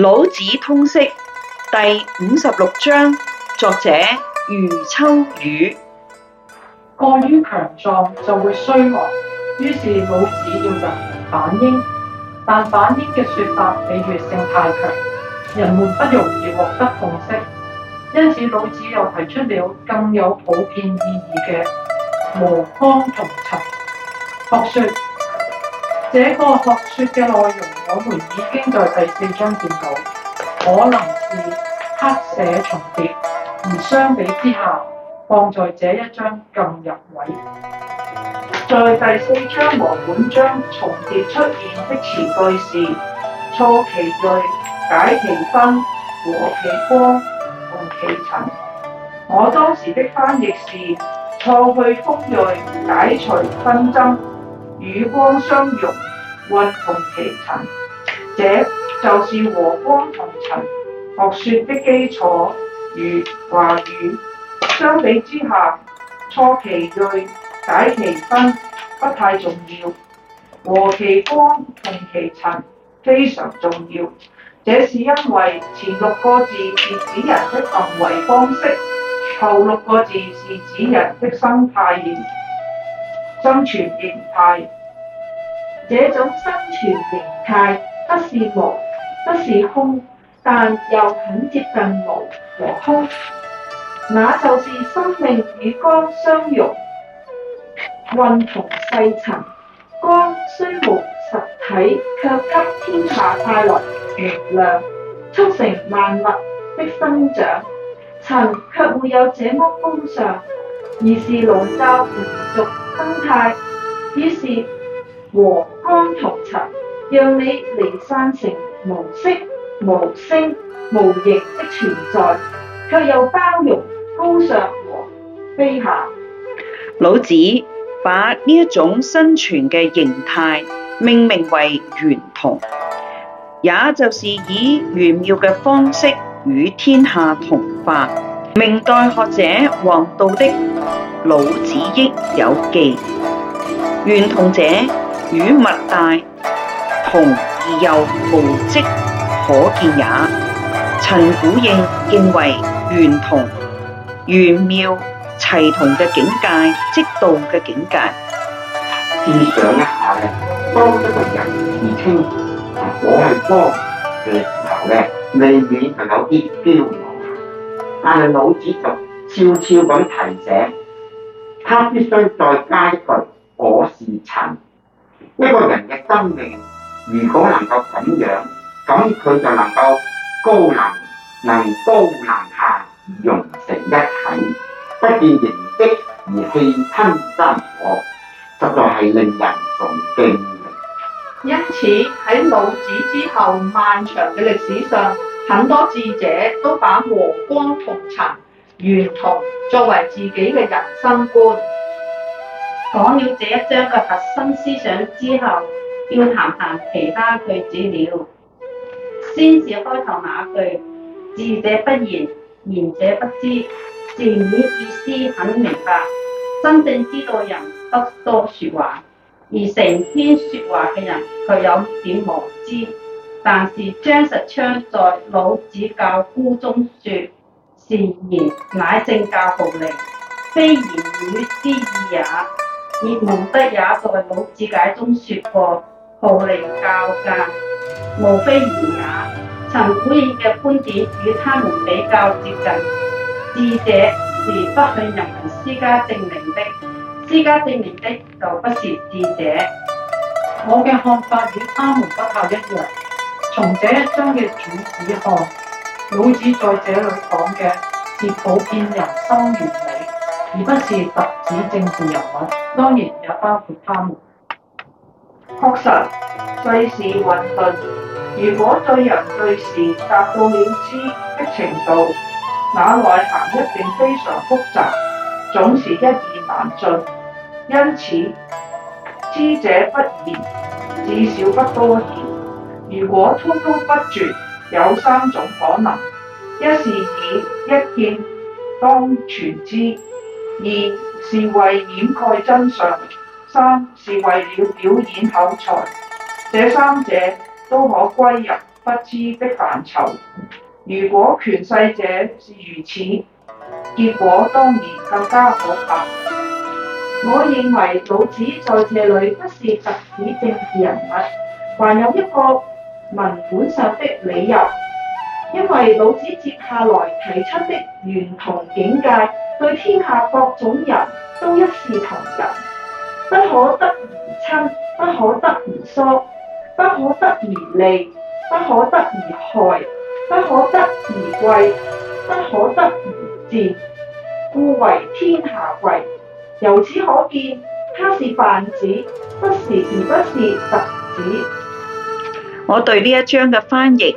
老子通釋第五十六章，作者余秋雨。過於強壯就會衰落，於是老子要人返嬰，但返嬰行嘅說法比喻性太強，人們不容易獲得共識。因此老子又提出了更有普遍意義嘅和光同塵學說。這個學説嘅內容，我們已經在第四章見到，可能是刻寫重疊，而相比之下，放在這一章更入位。在第四章和本章重疊出現的詞句是：挫其鋭，解其紛，和其光，同其塵。我當時的翻譯是：挫去鋒鋭，解除紛爭。與光相融，混同其塵，這就是和光同塵學説的基礎。如話語相比之下，挫其鋭、解其紛不太重要，和其光、同其塵非常重要。這是因為前六個字是指人的行為方式，後六個字是指人的生態形生存形態。這種生存形態不是無，不是空，但又很接近無和空，那就是生命與光相融，混同細塵。光雖無實體，卻給天下帶來明亮，促成萬物的生長。塵卻沒有這麼高尚，而是籠罩俗生態，於是和光同塵，讓你離散成無色、無聲、無形的存在，卻又包容高尚和卑下。老子把呢一種生存嘅形態命名為玄同，也就是以玄妙嘅方式與天下同化。明代學者王道的《老子益有記》，玄同者。與物大同而又無跡可見也。陳古應認為玄同、玄妙、齊同嘅境界，即道嘅境界。試想一下呢，當一個人自稱，我係光嘅時候呢，未免係有啲驕傲。但係老子就悄悄咁提醒，他必須再加一句：我是塵。一個人嘅生命如果能夠咁樣，咁佢就能夠高能，能高能下融成一體，不見形跡而氣吞山河，實在係令人崇敬。因此喺老子之後漫長嘅歷史上，很多智者都把和光同塵、圓融作為自己嘅人生觀。講了這一章嘅核心思想之後，要談談其他句子了。先是開頭那句：智者不言，言者不知。字面意思很明白，真正知道人不多說話，而成天說話嘅人卻有點無知。但是張實昌在《老子教姑》中説：善言乃政教號令，非言語之義也。葉夢得也在《老子解》中說過：號令教誡，無非然也。陳鼓應嘅觀點與他們比較接近，智者是不向人民施加證明的，施加證明的就不是智者。我嘅看法與他們不太一樣。從這一章嘅主旨看，老子在這裏講嘅是普遍人生原理。而不是特指政治人物，當然也包括他們。確實，世事混沌，如果對人對事達到了知的程度，那內涵一定非常複雜，總是一言難盡。因此，知者不言，至少不多言。如果滔滔不絕，有三種可能：一是以一見當全知。二是為掩蓋真相，三是為了表演口才，這三者都可歸入不知的範疇。如果權勢者是如此，結果當然更加可怕。我認為老子在這裏不是特指政治人物，還有一個文本上的理由。因為老子接下來提出的玄同境界，對天下各種人都一視同仁，不可得而親，不可得而疏，不可得而利，不可得而害，不可得而貴，不可得而賤，故為天下貴。由此可見，他是泛指，不是而不是特指。我對呢一章嘅翻譯。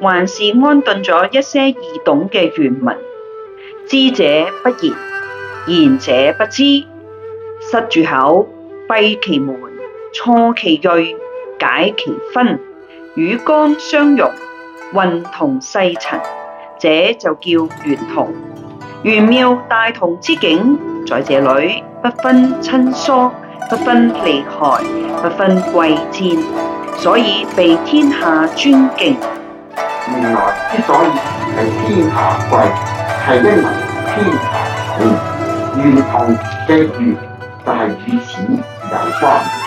還是安頓咗一些易懂嘅原文，知者不言，言者不知。塞住口，閉其門，挫其銳，解其紛，與光相融，混同世塵，這就叫玄同。玄妙大同之境，在這裏不分親疏，不分利害，不分貴賤，所以被天下尊敬。原來之所以係天下貴，係因為天下好，圓同嘅圓就係彼此同化。